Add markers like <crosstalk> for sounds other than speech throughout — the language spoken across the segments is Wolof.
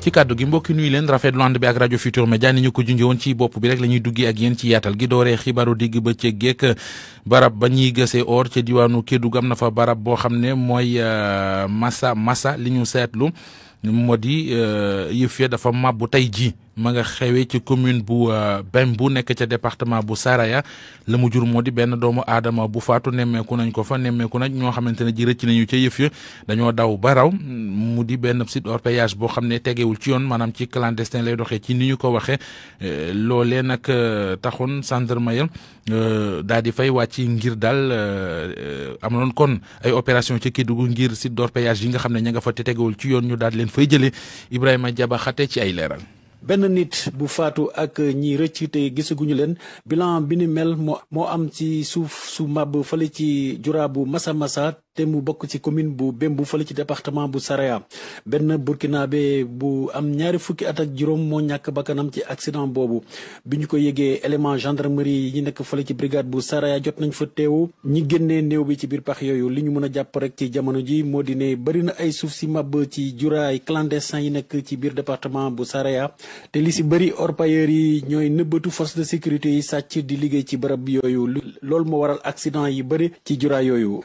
ci kaddu gi mbokki nuyu leen rafetlu ànd bi ak rajo Futur Media ni ñu ko junjee ci bopp bi rek la ñuy duggee ak yéen ci yaatal gi dooree xibaaru digg ba ca géek barab ba ñuy gësee or ca diwaanu Kédougou am na fa barab boo xam ne mooy euh, massa massa li ñu seetlu moo di euh, yëf ya dafa màbbu tey jii. ma nga xewee ci commune bu euh, bu nekk ca département bu Saraya la mu jur moo di benn doomu aadama bu faatu nemmeeku nañ ko fa nemmeeku nañ ñoo xamante ne ji rëcc nañu ca yëf ya daw ba mu di benn site hors péage boo xam ne tegewul ci yoon maanaam ci clandestin lay doxee ci ni ñu ko waxee euh, loolee nag euh, taxoon gendarme ya daal di fay ci ngir daal am noon kon ay opération ci Kédougou ngir site hors yi nga xam ne ña nga fa te tegewul ci yoon ñu daal leen fay jëlee Ibrahima jabaxate ci ay leeral. benn nit bu faatu ak ñi rëcc te gisaguñu leen bilan bi ni mel moo moo am ci suuf su màbb fale ci juraabu masa masa te mu bokk ci commune bu Bembou fële ci département bu Saraya benn burkinabé bu am ñaari fukki at ak juróom moo ñàkk bakkanam ci accident boobu bi ñu ko yëgee élément gendarmerie yi ñu nekk fële ci brigade bu Saraya jot nañ fa teewu ñi génnee néew bi ci biir pax yooyu li ñu mën a jàpp rek ci jamono ji moo di ne bëri na ay suuf si màbb ci juraay clandestin yi nekk ci biir département bu Saraya te li si bëri orpailleurs yi ñooy nëbbatu force de sécurité yi sàcc di liggéey ci barab yooyu loolu moo waral accident yi bëri ci juraay yooyu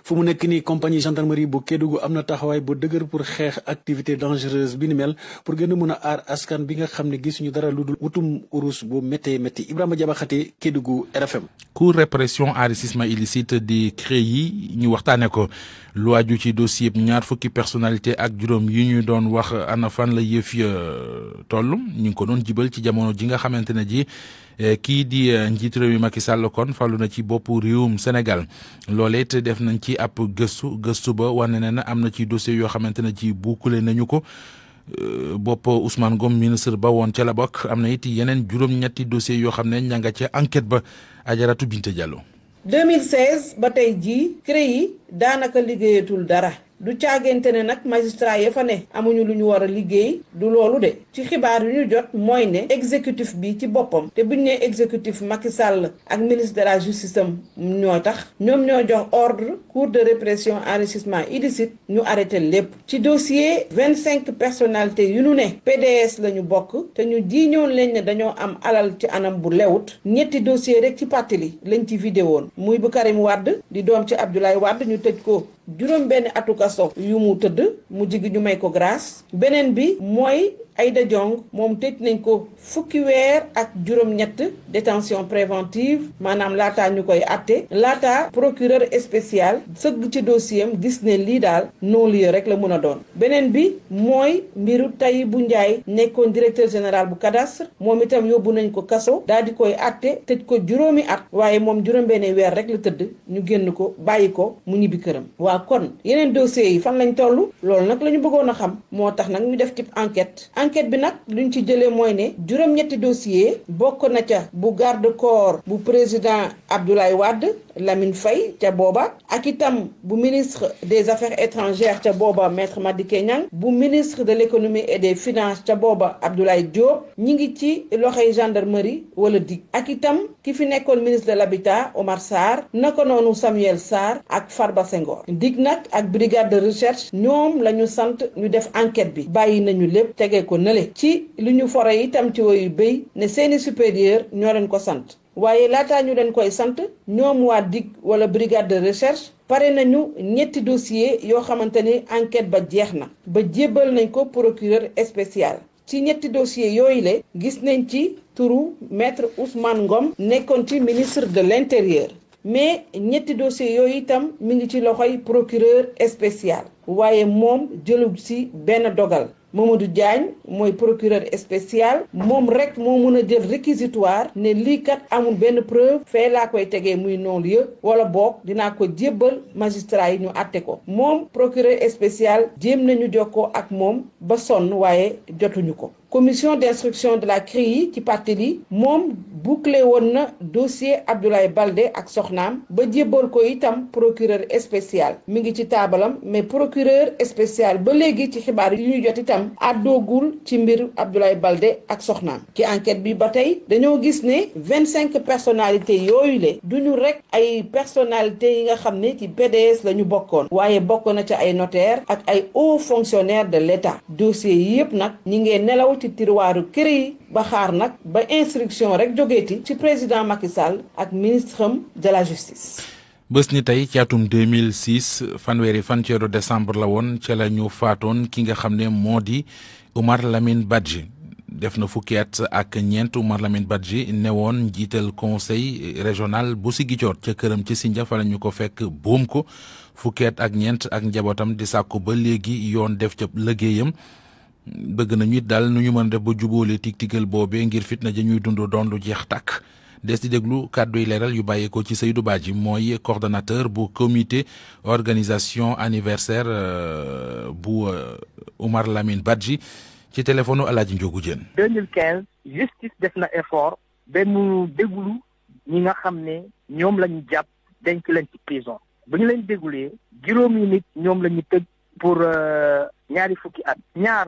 compagnie gendarmerie bu Kédougou am na taxawaay bu dëgër pour xeex activité dangereuse bi ni mel pour gën a mën a aar askan bi nga xam ne gisuñu dara lu dul wutum urus bu méttee métti Ibrahima Jabaxate Kédougou RFM. cour répression enrichissement illicite di CREI yi ñu waxtaanee ko. lu aju ci dossier bi ñaar fukki personnalité ak juróom yi ñu doon wax ana fan la yëf ya euh, toll ñu ngi ko doon jibal ci jamono ji nga xamante ne ji euh, kii di euh, njiit réew mi Macky sàll kon falu na ci boppu réewum Sénégal loolee it def nañ ci ab gëstu gëstu ba wane ne na am na ci dossier yoo xamante ne ji buukule nañu ko bopp Ousmane Ngom ministre ba woon ca la bokk am na it yeneen juróom-ñetti dossier yoo xam ne ña nga ca enquête ba Ajaratu Binte Diallo 2016 ba tey jii CREI daanaka liggéeyatul dara du caagante ne nag magistrat ya fa ne amuñu lu ñu war a liggéey du loolu de ci xibaar yu ñu jot mooy ne exécutif bi ci boppam te buñ ne exécutif Macky Sall ak ministre de justice am ñoo tax ñoom ñoo jox ordre cour de repression enrichissement illicite ñu arrêté lépp ci dossier vingt cinq personnalités yu nu ne PDS la ñu bokk te ñu jiiñoon leen ne dañoo am alal ci anam bu lewut ñetti dossier rek ci parti li lañ ci vidéo woon muy bu Karim Wade di doom ci Abdoulaye Wade ñu tëj ko juróom benn atu kaso yu mu tëdd mu jigi ñu may ko grâce beneen bi mooy Aïda Diong moom tej nañ ko fukki weer ak juróom-ñett détention préventive maanaam laataa ñu koy atte procureur spécial sëgg ci dossier am gis ne lii daal non-lieu rek la mun a doon. beneen bi mooy mbiru Tahibou Ndiaye nekkoon directeur général bu cadastre moom itam yóbbu nañ ko kaso daal di koy atté tëj ko juróomi at waaye moom juróom-benni weer rek la tëdd ñu génn ko bàyyi ko mu ñibbi këram. waa kon yeneen dossier yi fan lañ toll loolu nag la ñu bëggoon a xam moo tax nag ñu def ci enquête. enquête bi nag luñ ci jëlee ñetti dossier bokk na ca bu garde corps bu président Abdoulaye Wade Lamine Faye ca Akitam, ak itam bu ministre des affaires étrangères ca maître Madické bu ministre de l'économie et des finances ca booba Abdoulaye Diop ñi ngi ci loxey gendarmerie wala dig ak itam ki fi nekkoon ministre de l'habitat Omar Sarr naka noonu Samuel Sarr ak Farba Senghor dig nag ak brigade de recherche ñoom la ñu sant ñu def enquête bi bàyyi nañu lépp tege ko nële ci li ñu fore itam ci woyu béy ne seeni supérieur ñoo leen ko sant waaye laata ñu leen koy sant ñoom waa dig wala brigade de recherche pare nañu ñetti dossier yoo xamante ni enquête ba jeex na ba jébbal nañ ko procureur spécial ci ñetti dossier yooyu le gis nañ ci turu maître Ousmane Ngom nekkoon ci ministre de l'intérieur mais ñetti dossier yooyu itam mu ngi ci loxoy procureur spécial waaye moom jëlu si benn dogal a du Diagne mooy procureur spécial moom rek moo mën a jël réquisitoire ne lii kat amul benn preuve fee laa koy tegee muy non-lieu wala boog dinaa ko jébbal magistrat yi ñu àtte ko moom procureur spécial jéem nañu jokkoo ak moom ba sonn waaye jotuñu ko. commission d'instruction de la CRI qui parti mom bouclé dossier Abdoulaye Baldé ak Soxnam ba procureur spécial mi ci mais procureur spécial ba légui ci xibaar yi ñu jot itam Abdoulaye Baldé ak enquête bi batay dañu gis né 25 personnalités été. le personnalités yi nga PDS la bokkon wayé ci ay hauts fonctionnaires de l'État dossier yépp nak nelaw ci tiroiru kër yi ba xaar nag ba instruction rek jógeeti ci président Macky Sall ak ministre am de la justice. bés ni tey ci atum 2006 fanweeri fan ceeru décembre la woon ca la ñu faatoon ki nga xam ne moo di Oumar Lamine Badji def na fukki ak ñeent Oumar Lamine Badji ne woon njiital conseil régional bu Ziguinchor ca këram ci Sindia fa ñu ko fekk boom ko fukki ak ñeent ak njabootam di sàkku ba léegi yoon def ca liggéeyam bëgg nañu it daal nu ñu mën def ba jubóole tig-tigal boobee ngir fitna ja ñuy dund doon lu jeex tàkk des di déglu kàddu yi leeral yu bàyyeekoo ci Seydou Badji mooy coordonnateur bu comité organisation anniversaire euh, bu euh, Omar Lamine Badji ci téléphone El Hadj Ndiogou 2015 justice def na effort ba mu déglu ñi nga xam ne ñoom la jàpp denc leen ci prison bu ñu leen dégluwee juróomi nit ñoom lañu ñu tëj pour euh, ñaari fukki at ñaar.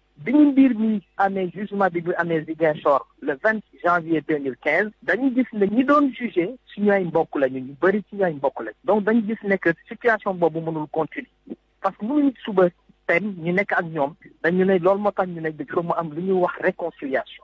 bi ñu mbir mi amee jugement bi bu amee Ziguinchor le 20 janvier 2015 mille quinze dañu gis ne ñi doon jugé suñu ay mbokk lañu ñu bëri suñu ay mbokk lañu donc dañu gis ne que situation boobu mënul continuer parce que mënuñu suba tem ñu nekk ak ñoom dañu ne loolu moo tax ñu ne il faut mu am lu ñuy wax réconciliation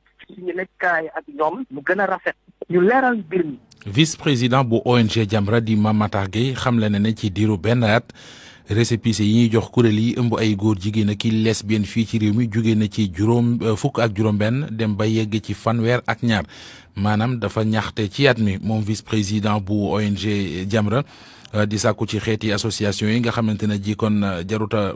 suñu nekkaay ak ñoom mu gën a rafet ñu leeral mbir mi vice président bu ONG Jamra di Mamata Gueye xamle na ne ci diiru benn at récépissé yi ñuy jox kuréel yi ëmb ay góor jigéen ak i lesbienne fii ci réew mi jóge na ci juróom euh, fukk ak juróom-benn dem ba yegg ci fanweer ak ñaar maanaam dafa ñaxte ci yaat mi moom vice président bu ONG Jamra Euh, di sàkku ci xeeti association yi nga xamante ne ji kon euh, jaruta euh,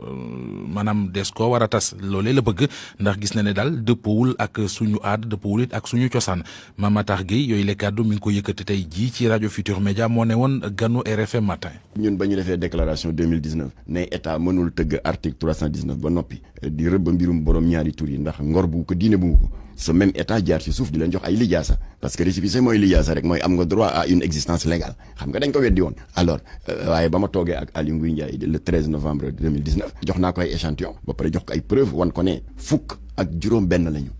maanaam des koo war a tas loole la bëgg ndax gis na ne daal dëppawul ak suñu aad dëppawul it ak suñu cosaan Mama Tax Guèye yooyu la kàddu mi ngi ko yëkkati tey jii ci rajo Futur Média moo ne woon ganu RFM matin. ñun ba ñu defee déclaration 2019 ne état mënul tëgg article 319 ba noppi di rëbb mbirum borom ñaari tur yi ndax ngor bu ko diine bu ko. ce même état jaar ci souf di len jox ay lijaasa parce que les moy lijaasa rek moy am nga droit à une existence légale xam nga dañ ko wéddi won alors euh, waye bama togué ak Aliou Ndiaye le 13 novembre 2019 jox naa ko ay échantillon ba paré jox ko ay preuve wan ko né fuk ak juróom Ben. lañu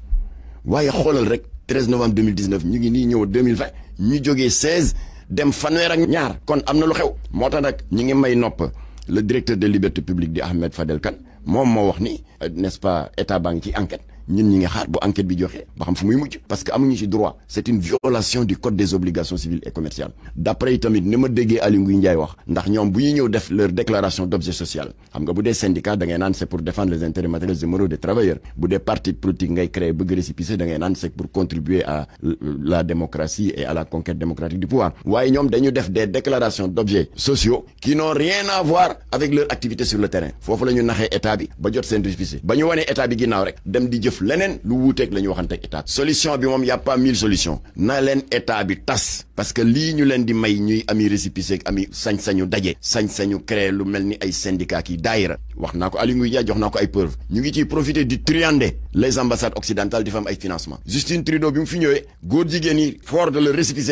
waye xolal rek 13 novembre 2019 ñu ngi nii ñëw 2020 ñu joggé 16 dem fanwer ak ñaar kon amna lu xew. moo nak ñi ngi may nopp le directeur de liberté publique di Ahmed Fadel Kane mom mo wax ni euh, n'est-ce pas état banque ci enquête ñun ñi nga xaar bu enquête bi joxe ba xam fu muy mujj parce que amuñu ci droit c'est une violation du code des obligations civiles et commerciales d'après yi tamit ni ma déggee Aly Ngouille Ndiaye wax ndax ñoom bu ñuy ñëw def leur déclaration d'objet social xam nga bu dee syndicat da ngay c'est pour défendre les intérêts matériels et moraux des travailleurs bu dee parti politique ngay créer bëgg récépissé da ngay naan c'est pour contribuer à la démocratie et à la conquête démocratique du pouvoir waaye ñoom dañu def des déclarations d'objets sociaux qui n'ont rien à voir avec leur activité sur le terrain foofu la ñu naxee état bi ba jot seen récépissé ba ñu wanee état bi ginnaaw rek dem di leneen lu wuuteeg la ñu waxanteeg solution bi moom y' a mille solutions na leen état bi tas parce que lii ñu leen di may ñuy ami récépissé ami sañ-sañu daje sañ-sañu créer lu mel ni ay syndicat kii daayira wax naa ko Aliou Nguy jox naa ko ay preuve ñu ngi ciy profiter di truander les ambassades occidentales di fa am ay financement Justin Trudeau bi mu fi ñëwee góor jigéen yi fort de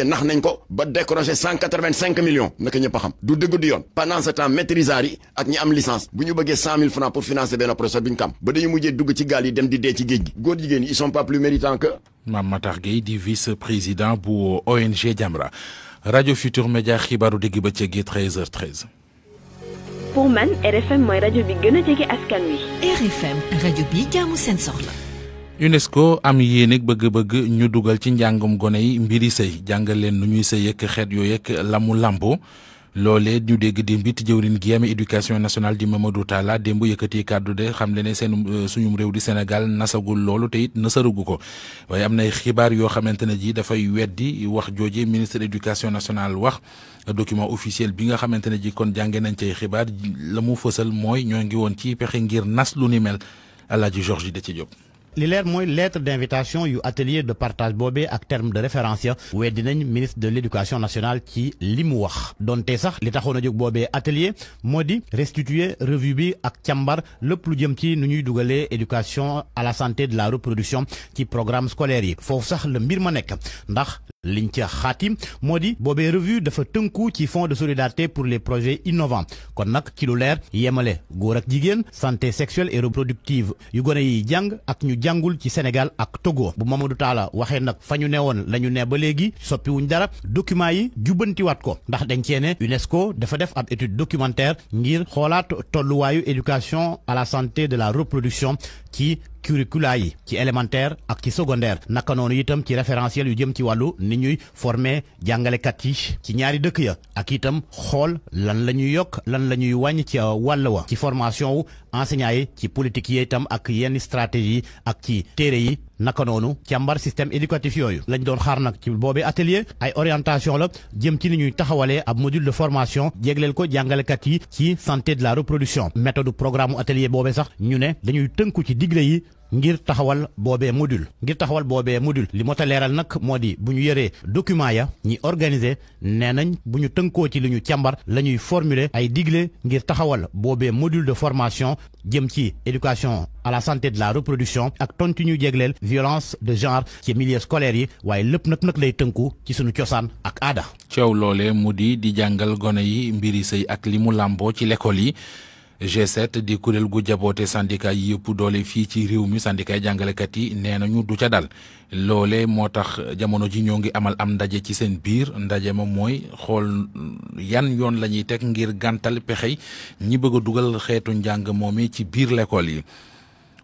nax nañ ko ba décroché millions naka ñëpp a xam du dëgg góor jigéen ñi ils sont pas plus méritants que. Mame Matar Gueye di vice-président pour ONG Jamra Radio Futur Média xibaaru digg bëccëg yi 13h13. pour man RFM mooy Radio bi gën a askan wi. RFM Radio bi jaamu seen soxla. UNESCO am yéene bëgg-bëgg ñu dugal ci njangum gone yi mbiri sey jàngal leen nu ñuy sëy ak xeet yooyu ak la mu lolé ñu dégg démb mbitt jëwriñ gi am éducation nationale di Mamadou Talla démb yëkëti kaddu de xam le ne seen euh, suñum réew di Sénégal nasagul loolu te it nasarugu ko waaye am na xibaar yo xamante ji da fay weddi wax jojé ministre éducation nationale wax document officiel bi nga xamante ji kon jàngé nañ cay xibaar lamu mu moy mooy ñoo ngi woon ci pexé ngir nas lu ni mel Alaaji Georges de ci Diop li leer mooy lettre d' invitation yu atelier de partage Bobé ak terme de référence ya weddi nañ ministre de l'Éducation nationale ci li mu wax donte sax li taxoon a jóg boobee atelier moo di restituer revue bi ak càmbar lépp lu jëm ci nu ñuy dugalee éducation à la santé de la reproduction ci programme scolaire yi foofu sax la mbir ma ndax Lintia Khatim, Modi, Bobé de revue de tënku ci fonds de solidarité pour les projets innovants kon Kilolaire, ci lu leer yemale Gorak ak santé sexuelle et reproductive yu gone yi Djangul, ak ñu Sénégal ak Togo bu Mamadou Talla waxee nag fa ñu newoon la ñu ne ba léegi soppiwuñ UNESCO Defedef def ab étude documentaire ngir Holat, tolluwaayu éducation à la santé de la reproduction qui Curriculaire ci élémentaire ak ci secondaire naka noonu itam ci référentiel yu jëm ci walu ni ñuy former jàngalekat yi ci ñaari dëkk ya ak itam xol lan le yok lan lañuy wañ ci walu wa ci formation wu enseignants yi ci politique yi itam ak yenn stratégie ak ci téré yi naka ci ambar système éducatif yoyu. lañ doon xaar nak ci bobé atelier ay orientation la jëm ci ni ñuy taxawalé ab module de formation jéglél ko kat yi ci santé de la reproduction méthode programme atelier bobé sax ñu ne dañuy ci diglé yi ngir taxawal bobe module ngir taxawal bobe module li mota a nak modi buñu yéré document ya ñi organiser nenañ buñu bu ci liñu tiambar lañuy formuler ay digle ngir taxawal bobe module de formation jëm ci éducation à la santé de la reproduction ak continue ñu violence de genre ci milieu scolaire yi waaye lépp nak nag lay tënku ci suñu cosaan ak ada coow lolé modi di jangal goné yi mbiri sey ak limu lambo ci l'école yi. G7 di kuréel gu jaboote syndicat yi yëpp doole fii ci réew mi syndicat jàngalekat yi nee nañu du ca dal loole moo tax jamono ji ñoo ngi amal am ndaje ci seen biir ndaje ma mooy xool yan yoon lañuy teg ngir gàntal pexey ñi bëgg a dugal xeetu njàng moom ci biir lekkool yi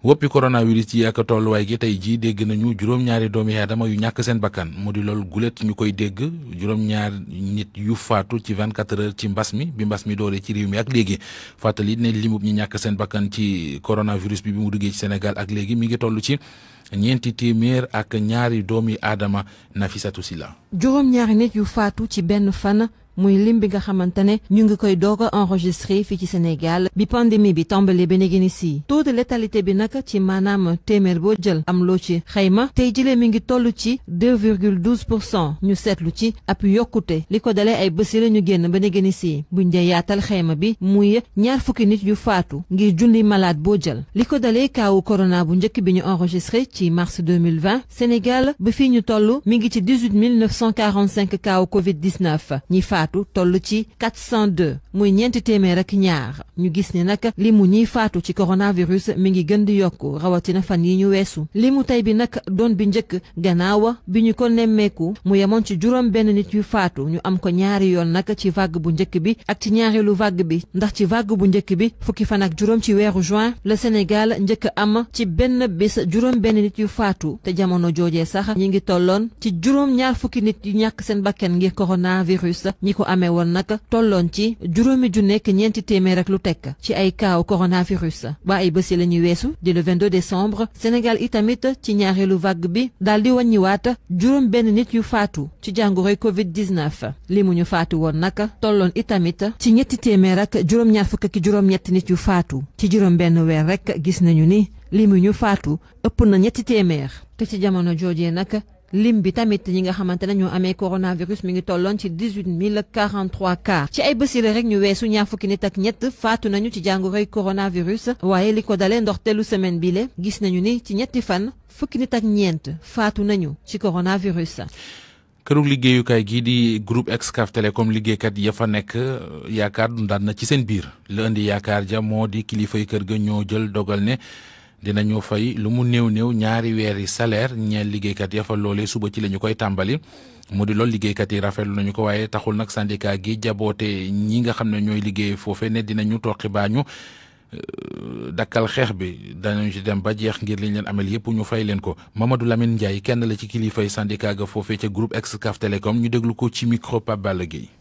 woppi coronavirus yi ak tolluwaay gi tey jii dégg nañu juróom-ñaari doomi aadama yu ñàkk seen bakkan mu di loolu gulet ñu koy dégg juróom-ñaar nit yu faatu ci 24 heures ci mbas mi bi mbas mi dooree ci réew mi ak léegi fàttali ne limub ñi ñàkk seen bakkan ci coronavirus bi bi mu duggee ci Sénégal ak léegi mu ngi toll ci ñeenti téeméer ak ñaari doomi aadama nafisatu Sylla juróom-ñaari muy lim bi nga xamante ñu ngi koy doog enregistrer fi ci Sénégal bi pandémie bi tàmbalee ba léegi ni si létalité bi nag ci manam témer bo jël am lo ci xayma tay jilé mi ngi tollu ci 2,12 ñu sétlu ci ab yokuté liko dalé ay bés ñu génn ba léegi ni si buñ yaatal xayma bi muy ñaar fukki nit yu faatu ngir junni malade bo jël liko dalé corona bu ñëk bi ñu enregistré ci mars 2020 Sénégal ba fi ñu tollu mi ngi ci 18 945 kaawu Covid 19 ñi faatu. faatu toll ci 402 muy ñeenti téeméer ak ñaar ñu gis ni nag li mu ñiy faatu ci coronavirus mi ngi gën di yokku rawatina fan yi ñu weesu li mu tey bi nag doon bi njëkk gannaaw bi ñu ko nemmeeku mu yemoon ci juróom benn nit yu faatu ñu am ko ñaari yoon nag ci vague bu njëkk bi ak ci ñaareelu vague bi ndax ci vague bu njëkk bi fukki fan ak juróom ci weeru juin la Sénégal njëkk am ci benn bés juróom benn nit yu faatu te jamono joojee sax ñi ngi tolloon ci juróom ñaar fukki nit yu ñàkk seen bakkan ngir coronavirus ñi ko amee woon nag tolloon ci juróomi ju nekk ñeenti téeméer lu tekk ci ay kaaw coronavirus ba ay bési la ñuy weesu di le 22 décembre Sénégal itamit ci lu vague bi daal di juróom benn nit yu faatu ci jàngoroy Covid 19 li mu ñu faatu woon nag tolloon itamit ci ñetti téeméer ak juróom-ñaar fukk ak juróom-ñetti nit yu faatu ci juróom benn weer rek gis nañu ni li mu ñu faatu ëpp na ñetti téeméer te ci jamono joojee nag lim bi tamit ñi nga xamante ne ñoo amee coronavirus mi ngi tolloon ci dix huit mille quarante trois cas ci ay bés rek ñu weesu ñaar fukki nit ak ñett faatu nañu ci jàngoroy coronavirus waaye li ko dalee ndox ndoxteelu semaine bi le gis nañu ni ci ñetti fan fukki nit ak ñeent faatu nañu ci coronavirus. këru liggéeyukaay gii di groupe Excaf Télécom liggéeykat ya fa nekk yaakaar dundaat na ci seen biir la indi yaakaar ja moo di kilifay kër ga ñoo jël dogal ne. dina dinañu fay lu mu néew néew ñaari weeri salaire ñeel liggéeykat ya loole suba ci la ñu koy tàmbali mu di lool liggéeykat yi rafetlu nañu ko waaye taxul nag syndicat gi jaboote ñi nga xam ne ñooy liggéey foofe ne dinañu toqi baañu euh, dakkal xeex bi danañu ci dem ba jeex ngir liñ leen amel yëpp ñu fay leen ko Mamadou Lamine Ndiaye kenn la ci kilifay syndicat ga foofe ca groupe Excaf Télécom ñu déglu ko ci micro Pape Balla Gueye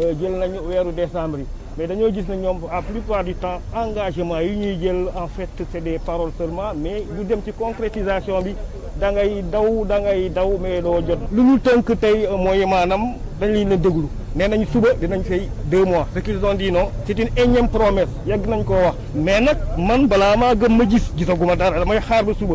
Euh, jël nañu weeru décembre yi mais dañoo gis ne ñoom à plupart du temps engagement yi ñuy jël en fait c'est des paroles seulement mais du dem ci concrétisation bi da ngay daw da ngay daw mais doo jot lu ñu tënk tey euh, mooy maanaam dañ leen a déglu nee nañ suba dinañ fay deux mois ce qu'ils ont dit non c'est une énième promesse yegg nañ koo wax mais nag man balaa maa gëm ma gis gisaguma dara damay xaar ba suba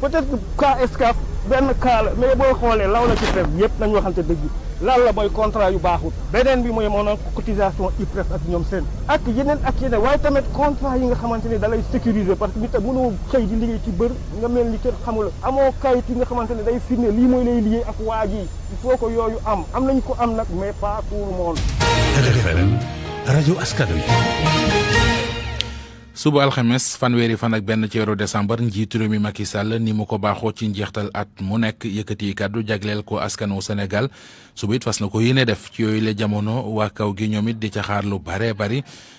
peut-être que cas benn cas la mais booy xoolee law la ci fekk yëpp nañu waxante dëgg lan la mooy contrat yu baaxul beneen bi mooy maanaam cotisation IPRES ak ñoom seen ak yeneen ak yeneen waaye tamit contrat yi nga xamante ni da lay sécuriser parce que nit tam mënoo xëy di liggéey ci bër nga mel ni kenn xamul amoo kayit yi nga xamante ne day firnde lii mooy lay liggéey ak waa ji il faut yooyu am am nañ ko am nag mais pas tout le monde. askan wi suba alxames fanweeri fan ak benn ci weeru décembre njiitu réew mi Macky Sall ni mu ko baaxoo ci njeextal at mu nekk yëkkati kàddu jagleel ko askanu Sénégal suba it fas na ko yéene def ci yooyu la jamono waa kaw gi ñoom it di ca xaar lu bare bari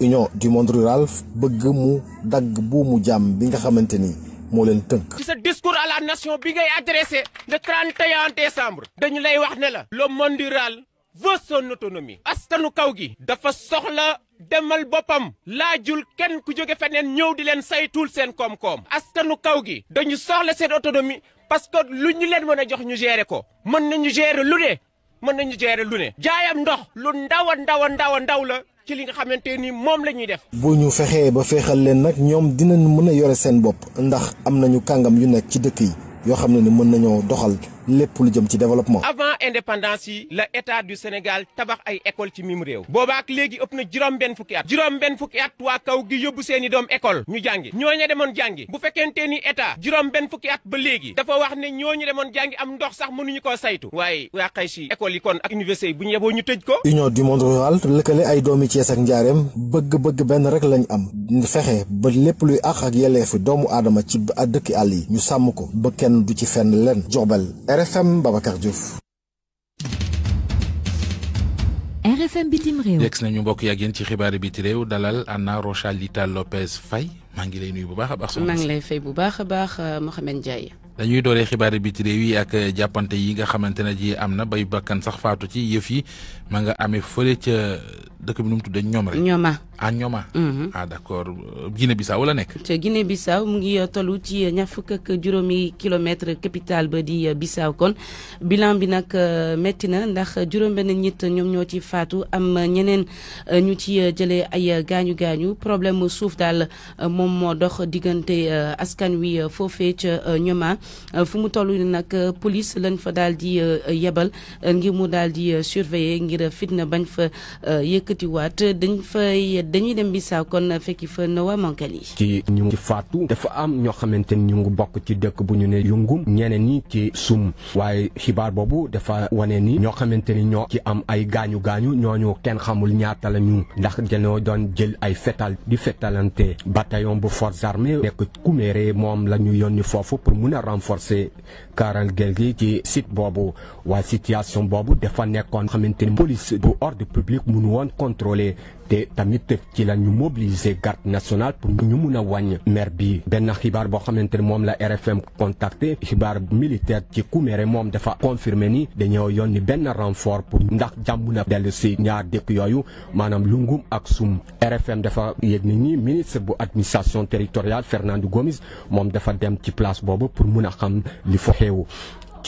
union du monde rural bëgg mu dagg buumu jàmm bi nga xamante ni moo leen tënk. ci sa discours à la nation bi ngay adressé le 31 décembre. dañu lay wax ne la. le monde rural veut son autonomie. askanu kaw gi. dafa soxla demal boppam. laajul kenn ku jóge feneen ñëw di leen saytuul seen koom-koom. askanu kaw gi. dañu soxla seen autonomie parce que lu ñu leen mën a jox ñu gérer ko. mën nañu gérer lu ne mën nañu gérer jaayam ndox lu ndaw a ndaw ndaw la. ci li nga xamante ni moom la ñuy def. bu ñu fexee ba féexal leen nag ñoom dinañ mën a yore seen bopp ndax am nañu kàngam yu nekk ci dëkk yi yoo xam ne ni mën nañoo doxal lépp lu jëm ci développement. avant indépendance yi la état du Sénégal tabax ay école ci mim réew. boobaak léegi ëpp na juróom-benn fukki at. juróom-benn fukki at waa kaw gi yóbbu seeni i doom école ñu jàngi ñu demoon jàngi bu fekkente ni état juróom-benn fukki at ba léegi dafa wax ne ñu demoon jàngi am ndox sax mënuñu ko saytu. waaye waa xay si école yi kon ak université yi bu ñu yeboo ñu tëj ko. union du monde rural lëkkale ay doomi Cees ak njaareem bëgg-bëgg benn rek lañ am fexe ba lépp luy àq ak yelleefu doomu aadama ci dëkki àll yi ñu sàmm ko ba kenn du ci fenn leen joxbel RFM Babacar Diouf. RFM bitim réew. yegg nañu mbokk yi ak yéen ci xibaari biti réew dalal Anna Rochalita Lopez fay maa ngi lay nuyu bu baax a baax. maa ngi lay fay bu baax a baax euh, Mohamed Ndiaye. dañuy dooree xibaari biti réew yi ak jàppante yi nga xamante ne ji am na bay bakkan sax faatu ci yëf yi ma nga amee fële ca dëkk bi nu mu ñoom rek. ñooma. à Nioma. Mhm. ah d' accord Guinée Bissau la nekk. te Guinée Bissau mu ngi euh, tollu ci euh, ñaar fukk juróomi kilomètre capitale ba di euh, Bissau kon bilan bi nag metti na ndax juróom-benn nit ñoom ñoo ci faatu am ñeneen ñu ci jëlee ay gaañu gaañu problème mu suuf daal moom moo dox diggante askan wi foofee ca Nioma fu mu toll nag police lañ fa daal di yebal ngir mu daal di surveiller ngir fitna bañ fa yëkkatiwaat dañuy dem bissaw kon fekki fa wa Mankali ci ñu qui nous dafa am ño xamanteni ñu ngi ci dekk bu ñu ne yungum ñeneen ñi ci sum waye xibar bobu dafa waneni ni ci am ay gañu xamul la ñu ndax dañoo doon jël ay fetal di fetalante bataillon bu force armée la ñu fofu pour mun renforcer kaaraangeel qui ci site bobu wa situation Bobu dafa nekkon xamanteni police bu ordre public mënu contrôlé. te tamit ci la ñu mobiliser garde nationale pour ñu mun a wàññ mer bi benn xibaar boo xamante ne moom la RFM contacté xibaar militaire ci Kouméré moom dafa confirmé ni dañoo ni benn renfort pour ndax jàmm na dellu si ñaar dëkk yooyu maanaam Lungum ak Sum RFM dafa yëg ni ñi ministre bu administration territoriale Fernando Gomes moom dafa dem ci place boobu pour mun a xam li fa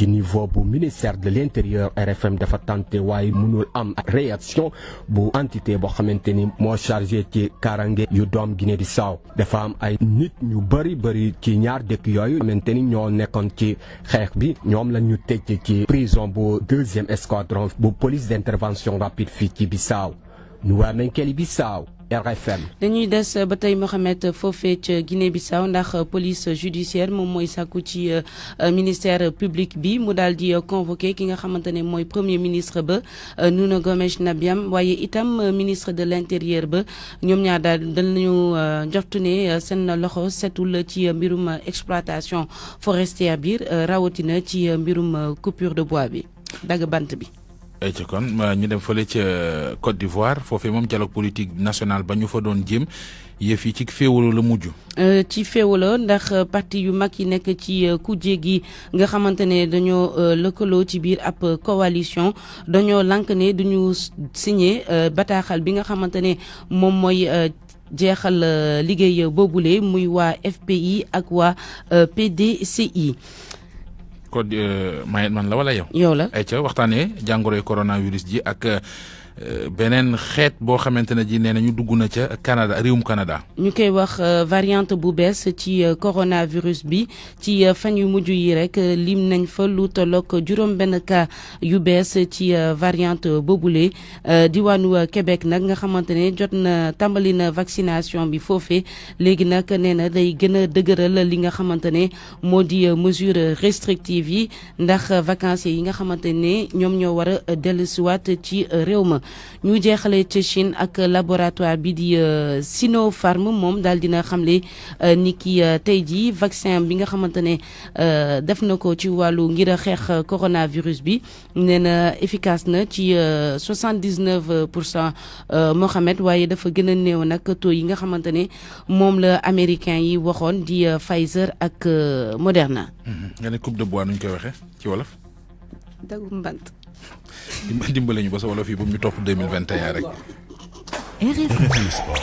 ci niveau bu ministère de l'intérieur RFM dafa tenté waaye mënul am réaction bu entité bo xamanteni mo chargé ci karange yu guiné di saw dafa am ay nit ñu bari, bari ci ñaar dekk yoyu xamante ño nekkon ci xex bi ñom la ñu tëj ci prison bu deuxième escadron bu police d'intervention rapide fi ci Bissau ñu war nañ RFM dañuy des ba Mohamed foofee Guinée-Bissau ndax police judiciaire moom mooy Kouti, ci euh, ministère public bi mu daal di convoqué ki nga xamante ne premier ministre ba euh, Nuno Gomes Nabiam waaye itam euh, ministre de l'intérieur ba ñoom ñaar daal dañu njortu ne seen loxo setul ci exploitation forestière biir rawatina ci mbirum coupure de bois bi dagg bant bi. Eh, ci kon ñu dem fële ci euh, Côte d'Ivoire Fofé mom dialogue politique national ba ñu fa doon jéem yëf yi ci féewaloo la euh ci féewaloo ndax euh, parti yu mag yi nekk ci euh, kuje gi nga xamante ne dañoo ci bir ap coalition dañoo lank ne duñu signé bataxal bi nga xamante ne moy mooy. jeexal liggéey boobule muy wa FPI ak wa PDCI code euh, Mayet man la wala yo yow la ay ca waxtaanee jàngoroy coronavirus ji ak. Euh, Euh, beneen xeet boo xamante ne ji nee na ñu dugg na ca Canada réewum Canada. ñu koy wax euh, variante bu bees ci euh, coronavirus bi ci fan yu mujj yi rek lim nañ fa lu tolloog juróom-benn cas yu bees ci variante boobule diwaanu Québec nag nga xamante ne jot na tàmbali na vaccination bi foofee léegi nag nee na day gën a dëgëral li nga xamante ne moo di mesure restrictive yi ndax vacances yi nga xamante ne ñoom ñoo war a dellusiwaat ci réew ma. ñu jéxalé ci Chine ak laboratoire bi di euh, Sinopharm mom dal dina xamlé euh, niki ki euh, tey vaccin bi nga xamante ne def na ci walu ngir xex coronavirus bi néna na efficace na ci 79 Mohamed waye dafa gëna a nak nag yi nga xamante mom moom la américain yi waxone di Pfizer ak Moderna. Mm-hmm. nga ne coupe de bois nuñ koy waxé ci wolof. dagum bant. dimbale ñu ba sa wolof yi bu ñu topp 2021 rek RFM Sport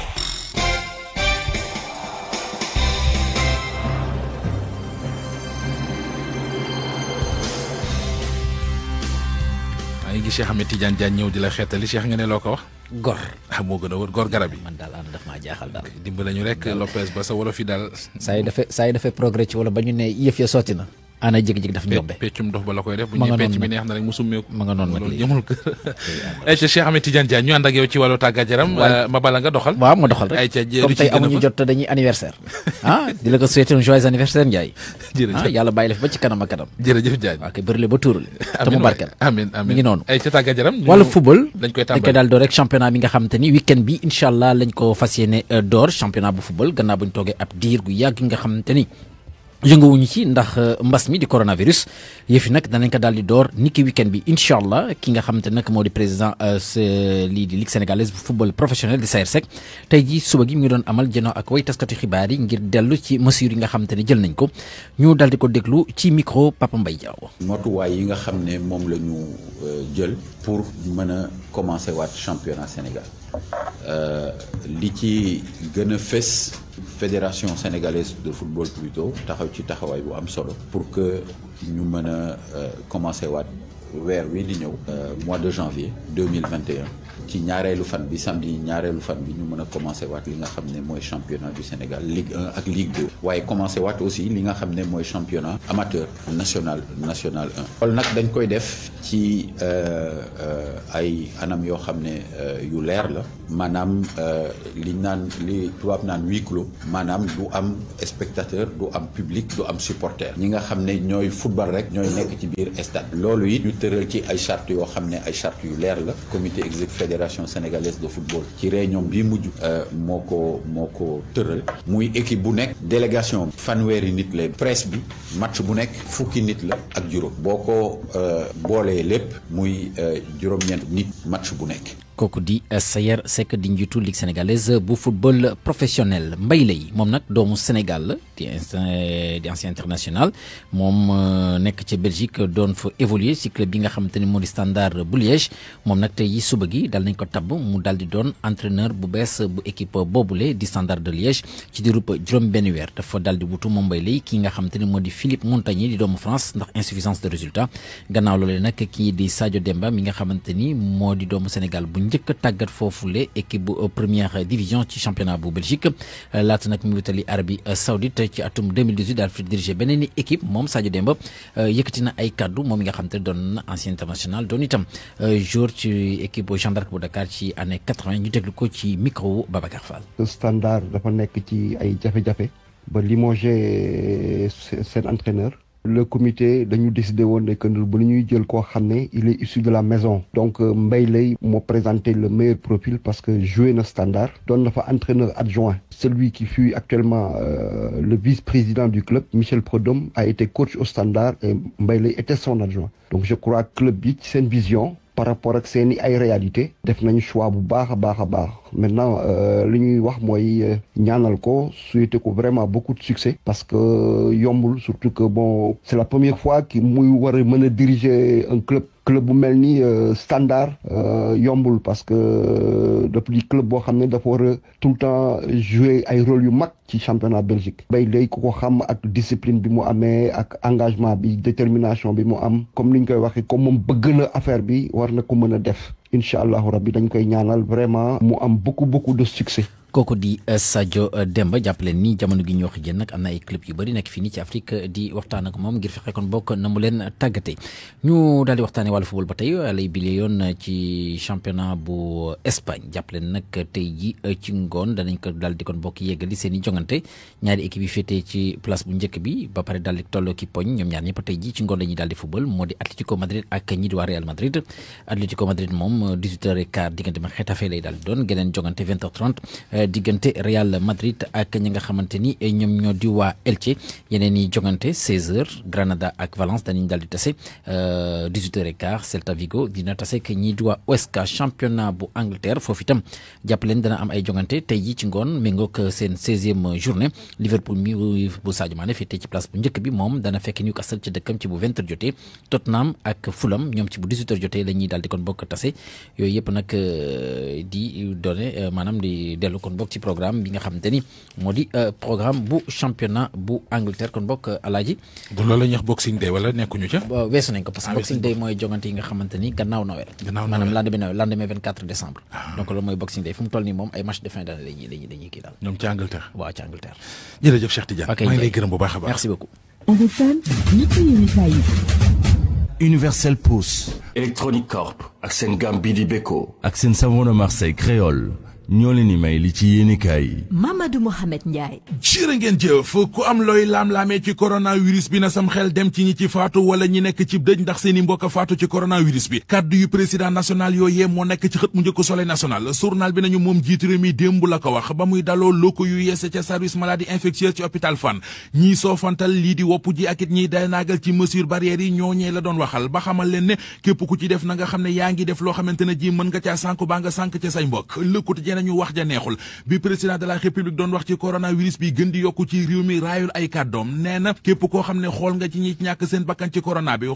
maa ngi gis Cheikh Ahmed Tidiane Diagne ñëw di la xeetali Cheikh nga ne loo wax gor ah moo wër gor garabi. yi man daal ànd daf maa jaaxal daal dimbale ñu rek Lopez ba sa wolof yi daal saa yi dafa saa yi dafa progrès ci wala ba ñu ne ya sotti ana jékki-jékki daf jombe peccum dof ba la koy mu summeeku ma nga noonu nag loolu jëmul kër <laughs> ayca Cheikh Ahmed Tidiane Diagne ñu euh, ma bala nga doxal waaw ma doxal rek comme tey ah, ah, yàlla ba ci kanam ak kanam jërëjëf Diagne waaw kay <laughs> mu barkeel amiin amiin mi ngi noonu ayca tàggat yaram wàllu football koy tàmbali dañ koy daal nga xam te ni week bi incha allah lañ ko fas yéene euh, door championnat bu football gannaaw buñ toogee ab diir gu yàgg nga xam te ni yëngawuñu ci ndax euh, mbas mi di coronavirus yëfi nag danañ ko daal di door niki ki weekend bi incha ki nga xamante nag moo di président euh, lii di ligue sénégalaise bu football professionnel di CRC tey ji suba gi mu ngi doon amal jënoo ak way taskatu xibaar yi ngir dellu ci mesures yi nga xamante ne jël nañ ko ñu daal di ko déglu ci micro Papa Mbaye Diaw. matuwaay yi nga xam ne moom la ñu euh, jël pour mën a commencer waat championnat Sénégal li ci gën a fës fédération sénégalaise de football plutôt pour que nous mën euh, commencer commencé euh, mois de janvier 2021 ci ñaarelu fan bi samedi ñaarelu fan bi ñu mëna a commencé waat li nga xamné moy championnat du Sénégal Ligue 1 ak Ligue 2 waye commencé waat aussi li nga xamné moy championnat amateur national national 1 loolu nak dañ koy def ci euh, euh ay anam yo xamné euh, yu leer la manam euh, li naan li tubaab naan huis clos manam du am spectateur du am public du am supporter ñi nga xamné ñoy football rek ñoy nekk ci biir stade loolu yi ñu tëral ci ay charte yo xamné ay charte yu leer la comité exécutif fédération sénégalaise de football ci réunion moko moko Terre. moko moo muy équipe bu délégation fanwéri nit la presse bi match bu nek fukki nit la ak juróom boko euh, euh, nit match bu kokudi di Sayer Seck di njiitu ligue sénégalaise bu football professionnel Mbaye Leye moom nag doomu Sénégal di ancien international mom euh, nek ci Belgique don fa évoluer ci club bi nga xamante ni moo Standard bu Liège mom nak tey yi suba gi dal nañ ko tab mu daal di doon entraîneur bu bees bu équipe bobulé di Standard de Liège ci diirub juróom-benn weer dafa daal di wutu moom Mbaye Leye ki nga xamante ni moo Philippe Montagny di domou France ndax insuffisance de résultat gannaaw lolé nak ki di Sadio Demba mi nga xamanteni ni domou Sénégal bu njëkk tagat fofu équipe bu euh, première division ci championnat bu Belgique euh, lat nak mu wutali Arabie euh, Saoudite ci atum 2018 dal fi dirigé benen équipe mom Sadio Demba yëkkati na ay kaddu mom nga xam don ancien international don itam tu ci équipe Jeanne d'Arc bu Dakar ci année 80 ñu déglu ko ci micro Babacar Fall. standard dafa nekk ci ay jafé jafé ba limogé cet entraîneur le comité de nous décider que nous ñuy jël ko il est issu de la maison donc euh, Mbaye m'a présenté le meilleur profil parce que jouer na standard Donc na fa entraîneur adjoint celui qui fut actuellement euh, le vice-président du club Michel Prodhomme a été coach au standard et Mbaye était son adjoint donc je crois que club but, c'est une vision par rapport à seen i ay réalité def choix bu baax a baax maintenant euh, li ñuy wax mooy euh, ñaanal ko souhaiter ko vraiment beaucoup de succès parce que euh, yombul surtout que bon c'est la première fois que muy war a diriger un club club bu euh, standard euh, yombul parce que euh, depuis club bo xamné ne dafa tout le temps jouer ay rôle yu mag ci championnat Belgique bay lay ko xam ak discipline bi mu amé ak engagement bi détermination bi mu am comme niñ koy waxee comme mom bëgg na affaire bi war na ko mëna def inshallah rabbi dañ koy ñaanal vraiment mu am beaucoup beaucoup de succès kooku di eh, Sadio eh, Demba jàppale ni jamono gi ñu wax yéen nag am na ay club yu bëri nekk fii nii ci Afrique eh, di waxtaan ak moom ngir fexe kon bokk na mu leen tàggate ñu daal waxtaanee wàllu football ba tey lay bile yoon ci championnat bu Espagne jàppale nag tey ji ci ngoon danañ ko daal di kon bokk yeggali seen i jongante ñaari équipe yi féetee ci place bu njëkk bi ba pare daal di tolloo ki poñ ñoom ñaar ñëpp tey ji ci ngoon la ñuy daal di football moo di Atlético Madrid diggante Real Madrid ak ñi nga xamante ni ñoom ñoo di waa Elche yeneen i jongante 16h Granada ak Valence dañuy daal di tase 18h15 euh, Celta Vigo dina tase ak ñii dana am ay jongante tey ci ngoon méngoog seen 16 journée Liverpool bu Sadio Mané ci place bu njëkk bi moom dana fekk Newcastle ci dëkkam ci bu 20 Tottenham ak Fulham ñoom ci bu 18h jotee la di kon bokk tase yooyu yëpp nag euh, di donné euh, maanaam di dellu kon. bokk programme bi nga xamante ni euh, programme bu championnat bu Angleterre kon bokk euh, alaaji. du loolu wax boxing day wala nekkuñu ca. weesu nañ ko parce que ah, boxing day mooy jogante yi nga xamante ni gannaaw Noël. manam lande maanaam lendemain Noël lendemain 24 décembre. Ah. donc loolu mooy boxing day fu mu toll nii moom ay match de fin d'année lañuy lañuy lañuy kii daal. ñoom ci Angleterre. waaw ci Angleterre. jërëjëf Cheikh Tidiane. ok maa lay gërëm bu baax baax merci beaucoup. Universel Pousse Electronic Corp. ak Gambidi Beko. ak savon de Marseille créole. ñoo leen di may li ci yéenikaay yi. Mamadou Mohamed Ndiaye. jërë ngeen jëf ku am looy laam-laamee ci coronavirus bi na sam xel dem ci ñi ci faatu wala ñi nekk ci dëj ndax seen i mbokk faatu ci coronavirus bi kaddu yu président national yooyee moo nekk ci xët mu njëkk soleil national journal bi nañu moom jiitu réew mi démb la ko wax ba muy daloo loko yu yeese ca service maladie infectieuse ci hôpital Fann ñii soofantal lii di wopp ji ak it ñiy day ci mesure barrière yi ñooñee la doon waxal ba xamal leen ne képp ku ci def na xam ne yaa ngi def loo xamante ne ji mën nga caa sànk baa nga sànk ca say mbokk nañu wax ja neexul bi président de république doon wax ci coronavirus bi gën di yokku ci réew mi raayul ay kàddoom nee képp koo xam ne xool nga ci ñi seen bakkan ci corona bi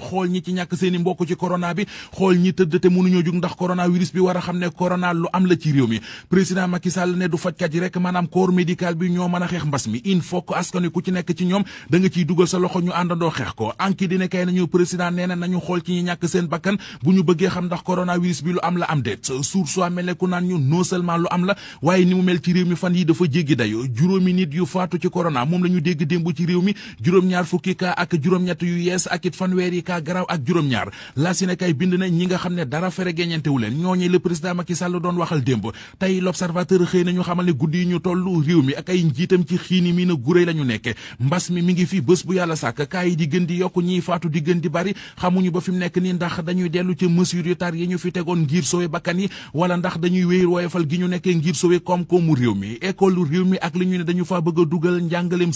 bi a ñoo mën a xeex mbas mi il faut que ku ci nekk ci ñoom da ciy dugal sa loxo ñu àndandoo xeex ko anki dina kay nañu président nee nañu xool ci ñi seen bakkan bu ñu bëggee xam ndax coronavirus bi lu am la am déet source mel ne naan ñu non seulement am la waaye ni mu mel ci réew mi fan yi dafa jéggi dayo juróomi nit yu faatu ci corona moom la ñu dégg démb ci réew mi juróom-ñaar fukki kaa ak juróom-ñett yu yees ak it fanweeri kaa garaaw ak juróom-ñaar la sinekaay bind na ñi nga xam ne dara fere geñeentewu leen ñoo ñooñu le président Macky Sall doon waxal démb tey l'observateur xëy nañu xamal ne guddi yi ñu toll réew mi ak ay njiitam ci xiini mi na guréy la ñu nekk mbas mi mi ngi fi bés bu yàlla sàkk kaa yi di gën di yokk ñiy faatu di gën di ba fi mu nekk ni ndax dañuy dellu ci mesures yu tar ñu fi tegoon ngir soowe bakkan yi wala ndax dañuy wéy ñu nekk nekkee ngir sowe koom ne dañu faa bëgg a dugal njàngaleem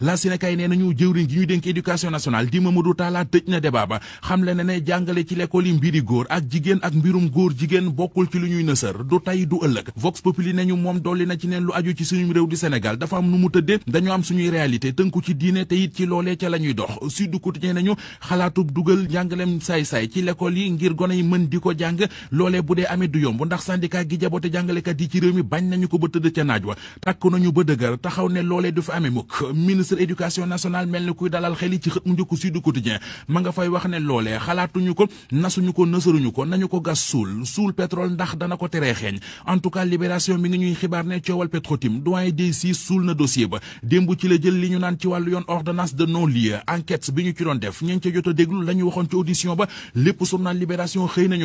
la sinekaay nee nañu jëwriñ gi ñu dénk éducation nationale di Mamadou Talla tëj na débat ba xam le ne ne jàngale ci l'école yi mbiri góor ak jigéen ak mbirum góor jigéen bokkul ci lu ñuy nësër du tay du ëllëg vox populi nañu moom dolli na ci neen lu aju ci suñu réew di Sénégal dafa am nu mu tëddee dañu am suñuy réalité tënku ci diine te it ci loolee ca la ñuy dox Sud Quotidien nañu xalaatub dugal njàngaleem saay-saay ci l'école yi ngir gone yi mën di ko jàng loolee bu dee amit du yomb ndax syndicat gi jabote jàngale jàngalekat yi ci réew mi bañ nañu ko ba tëdd ca naaj wa takk nañu ba dëgër taxaw ne loolee du fi amee mukk ministre éducation nationale mel ni kuy dalal xel ci xët mu njëkk Sud Quotidien nga fay wax ne loolee xalaatuñu ko nasuñu ko nësaruñu ko nañu ko gas suul suul pétrole ndax dana ko teree xeeñ en tout cas libération mi ngi ñuy xibaar ne coowal Petro-Tim doyen des suul na dossier ba démb ci la jël li ñu naan ci wàllu yoon ordonnance de non lieu enquête bi ñu ci doon def ñañ ca jot a déglu la ñu waxoon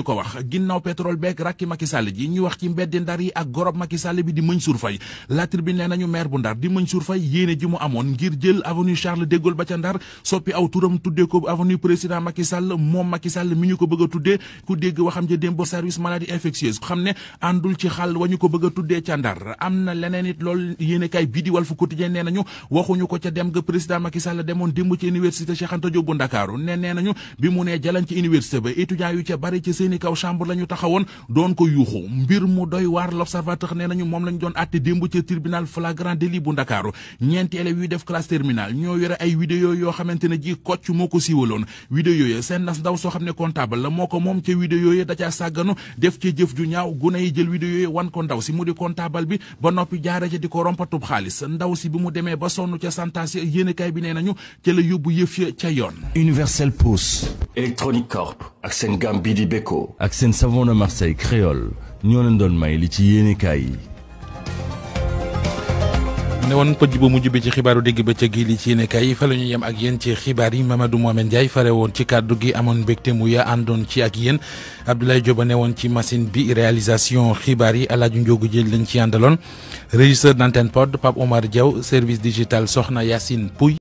ko wax ginnaaw yi ak gorob Macky Sall bi di Mansour Faye la tribune nee nañu maire bu Ndar di Mansour Faye yéene ji mu amoon ngir jël avenue Charles de Gaulle ba ca Ndar soppi aw turam tuddee ko avenue président Macky Sall moom Macky mi ñu ko bëgg a tuddee ku dégg waxam ja démb service maladie infectieuse xam ne àndul ci xàll wa ñu ko bëgg a tuddee ca Ndar am na leneen it lool yéene kaay bii di Walf Quotidien nee nañu waxuñu ko ca dem ga président Macky Sall demoon démb ci université Cheikh Anta Diop bu Ndakaaru ne nee nañu bi la ñu taxawoon doon ko Sarr l'observateur nee nañu moom lañ doon atté démb ci tribunal flagrant délit bu Ndakaaru ñeenti élèves yuy def classe terminale ñoo yore ay vidéo yo xamanténi ji kocc moko ko vidéo ya sen nas ndaw so xamné comptable la moko mom ci vidéo ya da ca saganu def ci jëf ju ñaaw gune yi jël vidéo ya wan ko ndaw si mudi comptable bi ba nopi jaara ci diko ko rompatub xaalis ndaw si bimu démé ba sonu ci santaas yene kay bi nee ci ca la yóbbu yëf ya ca yoon Universel Pousse Electronic Corp ak seen gamme bii di Beko ak seen savon de Marseille créole ñoo doon may li ci yéenekaay yi. ne pëj bu mujj bi ci xibaaru digg bëccëg yi li ci yéenekaay yi fa la ñu yem ak yéen ci xibaar yi Mamadou Mohamed Ndiaye fare woon ci kàddu gi amoon mbégte mu ya àndoon ci ak yéen Abdoulaye Diop ne woon ci machine bi réalisation xibaar yi El Hadj Ndiogu lañ ci àndaloon régisseur d'antenne pod Pape Omar service digital Soxna Yacine Pouy.